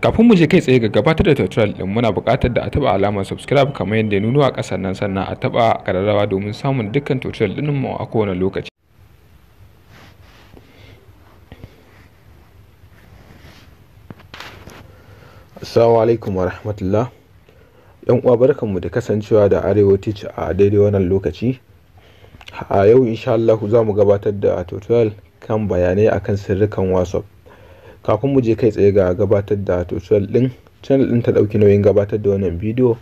kafin mu je kai tsaye ga gabatar da tutorial din muna buƙatar da a taba alamar subscribe kamar yadda ya nuno a ƙasar nan sannan a taba ƙararrawa domin samun dukkan tutorial din mu a kowane lokaci Assalamu alaikum wa rahmatullah yan uwa barkan mu da kasancewa da arewa teach a daidai wannan lokaci a yau insha Allah za mu gabatar da tutorial kan bayanai akan sirrikan WhatsApp Kafin mu je kai tsaye ga gabatar da to channel ɗin, channel ɗin ta dauki nauyin gabatar da wannan bidiyo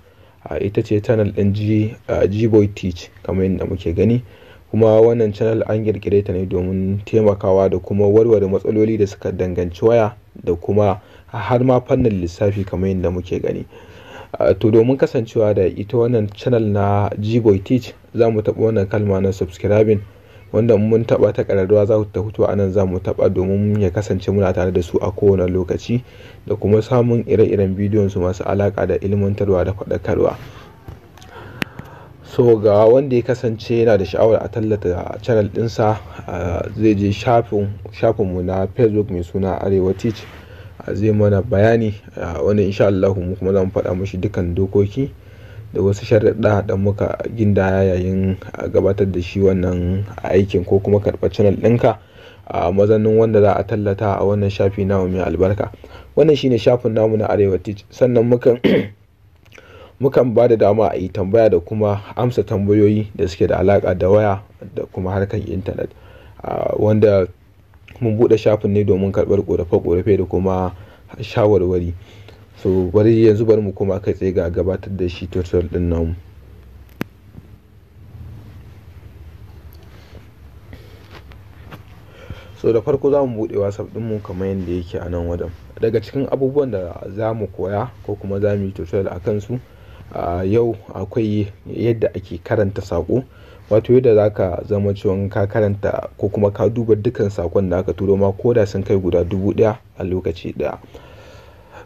a ita ce channel din G, Gboy Teach kamar yadda muke gani. Kuma wannan channel an girgire ta ne domin taimakawa da kuma warware matsaloli da suka danganci waya da kuma har ma fannin lissafi kamar yadda muke gani. to domin kasancewa da ita wannan channel na Gboy Teach za mu taɓa wannan kalma na subscribing wanda mun taba ta ƙararrawa za ta fito a nan za mu taba domin ya kasance muna tare da su a kowane lokaci da kuma samun ire-iren bidiyon su masu alaka da ilmantarwa da faɗakarwa so ga wanda ya kasance yana da sha'awar a tallata channel ɗinsa zai je shafinmu na facebook mai suna arewa teach zai mana bayani wanda insha Allah kuma za mu faɗa mashi dukkan dokoki da wasu sharaɗa da muka gindaya yayin gabatar da shi wannan aikin ko kuma karɓar channel ɗinka a mazanin wanda za a tallata a wannan shafi namu mai albarka wannan shine shafin namu na arewa teach sannan mukan mukan ba da dama a yi tambaya da kuma amsa tambayoyi da suke da alaka da waya da kuma harkar intanet wanda mun buɗe shafin ne domin karɓar ƙorafe-ƙorafe da kuma shawarwari so bari yanzu bari mu koma kai tsaye ga gabatar da shi tutorial din namu so da farko za mu buɗe whatsapp mu kamar yadda yake a nan wajen daga cikin abubuwan da za mu koya ko kuma za mu yi tutorial a kansu a yau akwai yadda ake karanta sako wato yadda za ka zama cewa ka karanta ko kuma ka duba dukkan sakon da aka turo ma ko sun kai guda dubu daya a lokaci daya.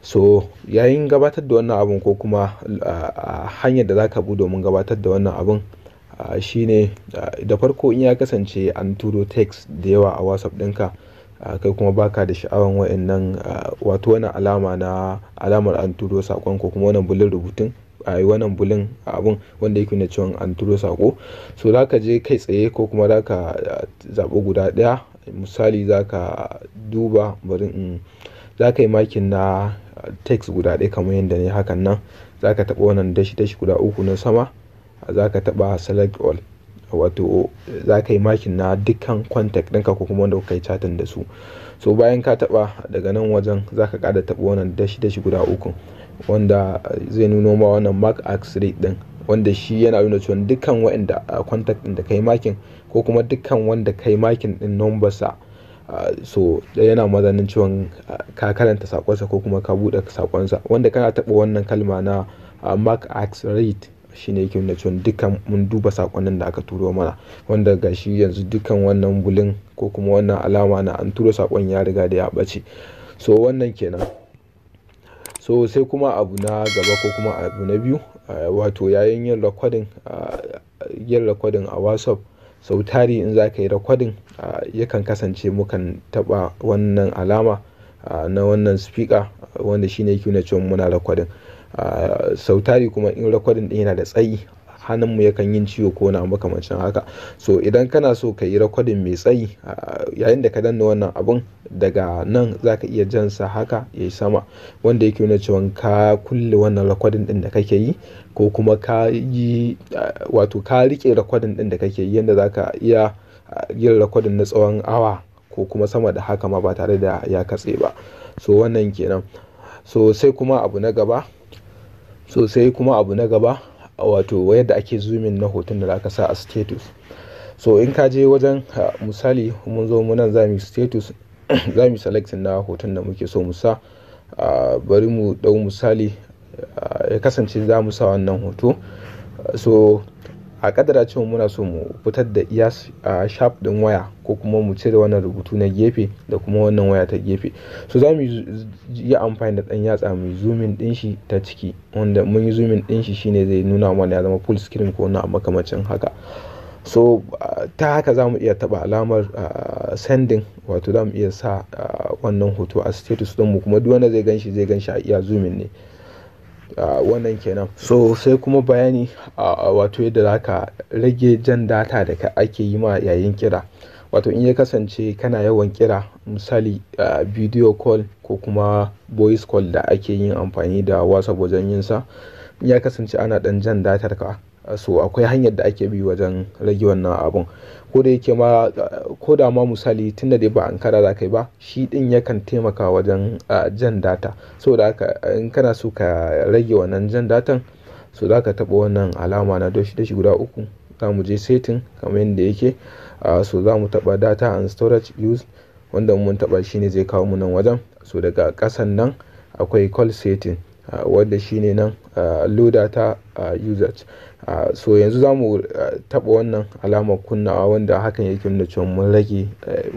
so yayin gabatar da wannan abun ko kuma hanyar da za ka bi domin gabatar da wannan abun shine da farko in ya kasance an turo text da yawa a whatsapp ɗinka kai kuma baka da sha'awan wa'annan wato wani alama na alamar an turo saƙon ko kuma wannan bulin rubutun a yi wannan bulin abun wanda yake na cewa an turo saƙo so za ka je kai tsaye ko kuma za ka zaɓi guda ɗaya misali za ka duba bari za ka yi makin na text guda ɗaya kamar yadda ne hakan nan. Za ka taɓa wannan dashi-dashi guda uku na sama. Za ka taɓa select all wato za ka yi makin na dukkan contact ɗinka ko kuma wanda kuka yi chatting da su. So bayan ka taɓa daga nan wajen za ka ƙara taɓa wannan dashi-dashi guda uku wanda zai nuno ma wannan mark x rate ɗin wanda shi yana nuna cewa dukkan waɗanda contact ɗin da ka yi makin ko kuma dukkan wanda ka yi makin ɗin number Ah, so yana mazanin ciwon ah, ka karanta sakonsa ko kuma ka bude sakonsa wanda kana taba wannan kalma na ah, mark reid read shine yake nuna cewa dukkan mun duba nan da aka turo mana wanda gashi yanzu dukkan wannan bulin ko kuma wannan alama na an turo sakon ya riga da ya bace so wannan kenan so sai kuma abu na gaba ko kuma abu na biyu wato yayin yin recording yin recording a whatsapp sau tari in za ka yi ya yakan kasance mukan taɓa wannan alama na wannan speaker wanda shine yake cewa muna rakwadin sau tari kuma in recording ɗin yana da tsayi hannunmu yakan yin ciwo ko na makamancin haka so idan kana so ka yi rakwadin mai tsayi yayin da ka danna wannan abun daga nan za ka iya jansa haka ya yi sama wanda yake nuna cewa ka kulle wannan rakwadin din da kake yi ko kuma ka yi wato ka rike rakwadin din da kake yi yadda za ka iya yin rakwadin na tsawon awa ko kuma sama da haka ma ba tare da ya katse ba so wannan kenan so so sai kuma abu na gaba wato wayar da ake zumin na hoton da aka sa a status so in ka je wajen misali mun zo munan za mu status za mu na hoton da muke so mu sa bari mu dau misali ya kasance za mu sa wannan hoto so a kadara cewa muna so mu fitar da iya sharp din waya ko kuma mu cire wannan rubutu na gefe da kuma wannan waya ta gefe so za mu yi amfani da dan yatsa mu zoomin din shi ta ciki wanda mun yi zoomin din shi shine zai nuna mana ya zama full screen ko na makamacin haka so ta haka za mu iya taba alamar sending wato za mu iya sa wannan hoto a status don mu kuma duk wanda zai ganshi zai ganshi a iya zoomin ne wannan kenan so sai kuma bayani wato yadda ka rage jan data da ake yi ma yayin kira wato in ya kasance kana yawan kira misali bidiyo call ko kuma voice call da ake yin amfani da whatsapp wajen yin sa ya kasance ana ɗan jan datar ka so akwai hanyar da ake bi wajen rage wannan abun ko da yake ma ma misali tunda da ba ankara kara ka ba shi din yakan taimaka wajen jan data saboda haka in kana so ka rage wannan jan datan so za ka taɓa wannan alama na dashi dashi guda uku za mu je setting kamar yadda yake so za mu taɓa data and storage use wanda mun taɓa ne zai kawo mu nan wajen so daga kasan nan akwai call setting wadda shine nan loader ta usage so yanzu za mu taɓa wannan alamar kunnawa wanda hakan yake nuna cewa mun rage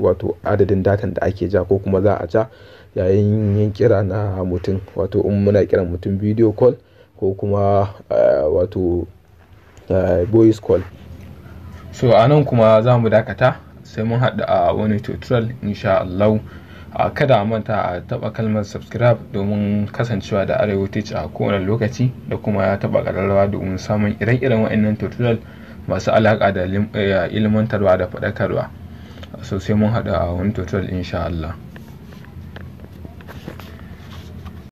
wato adadin datan da ake ja ko kuma za a ja yayin yin kira na mutum wato in muna kiran mutum video call ko kuma wato voice call so a nan kuma za mu dakata sai mun hada a wani tutorial insha Allah A kada a manta a taba kalmar subscribe domin kasancewa da arewa a kowane lokaci da kuma ya taba kararrawa domin samun ire-iren wa'annan tutorial masu alaka da eh, ilmantarwa da faɗakarwa sosai mun haɗu a wani tutorial insha Allah